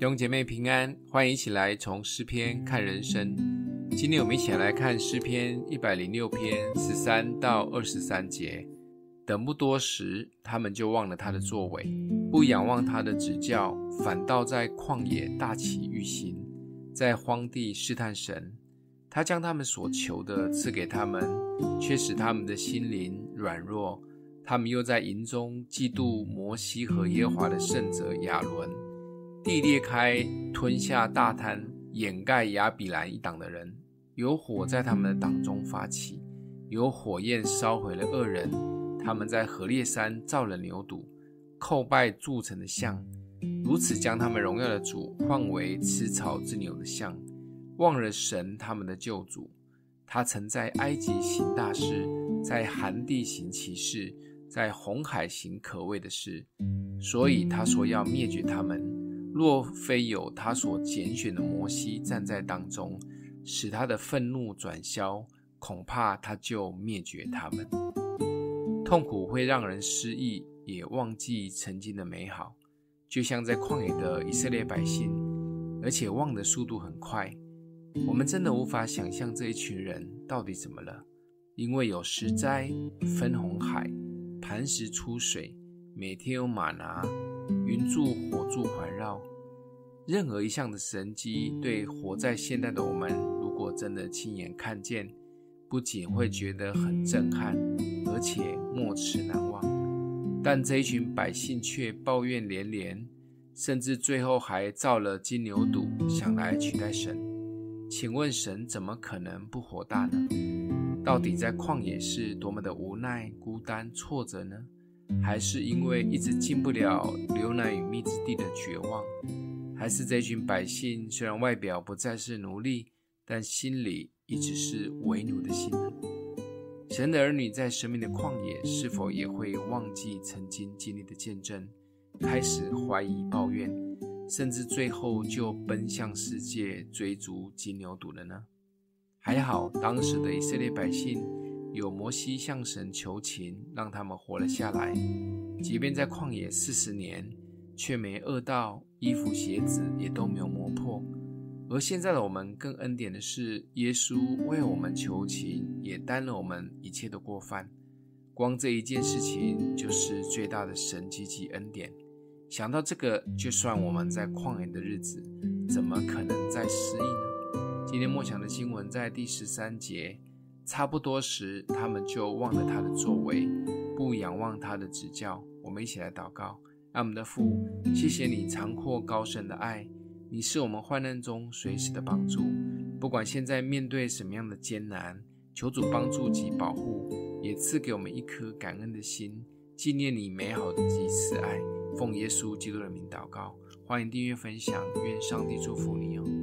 弟兄姐妹平安，歡迎一起來從詩篇看人生。今天我們一起來看詩篇一百零六篇十三到二十三節。等不多時，他們就忘了他的作為，不仰望他的指教，反倒在曠野大起慾心，在荒地試探神。他將他們所求的賜給他們，卻使他們的心靈軟弱。他們又在營中嫉妒摩西和耶和華的聖者亞倫。地裂開，吞下大坍，掩蓋亞比蘭一黨的人，有火在他們的黨中發起，有火焰燒燬了惡人。他們在何烈山造了牛犢，叩拜鑄成的像，如此將他們榮耀的主換為吃草之牛的像，忘了神他們的救主。他曾在埃及行大事，在含地行奇事，在紅海行可畏的事，所以他說要滅絕他們。若非有他所揀選的摩西站在當中，使他的憤怒轉消，恐怕他就滅絕他們。痛苦會讓人失憶，也忘記曾經的美好，就像在曠野的以色列百姓，而且忘得速度很快。我們真的無法想象這一群人到底怎麼了？因為有十災、分紅海、磐石出水，每天有嗎哪。雲柱、火柱環繞，任何一項的神蹟，對活在現代的我們，如果真的親眼看見，不僅會覺得很震撼，而且沒齒難忘。但這一群百姓卻抱怨連連，甚至最後還造了金牛犢，想來取代神。請問神怎麼可能不火大呢？到底在曠野是多麼的無奈、孤單、挫折呢？還是因為一直進不了流奶與蜜之地的絕望，還是這群百姓雖然外表不再是奴隸，但心裡一直是為奴的心呢？神的兒女在生命的曠野，是否也會忘記曾經經歷的見證，開始懷疑、抱怨，甚至最後就奔向世界追逐金牛犢了呢？還好，當時的以色列百姓。有摩西向神求情，讓他們活了下來。即便在曠野四十年，卻沒餓到，衣服鞋子也都沒有磨破。而現在的我們，更恩典的是，耶穌為我們求情，也擔了我們一切的過犯。光這一件事情，就是最大的神蹟及恩典。想到這個，就算我們在曠野的日子，怎麼可能再失憶呢？今天默想的經文在第十三節。等不多時，他們就忘了他的作為，不仰望他的指教。我們一起來禱告，愛我們的父，謝謝你長闊高深的愛，你是我們患難中隨時的幫助。不管現在面對什麼樣的艱難，求主幫助及保護，也賜給我們一顆感恩的心，紀念你美好的及慈愛。奉耶穌基督的名禱告，歡迎訂閱分享，願上帝祝福你哦。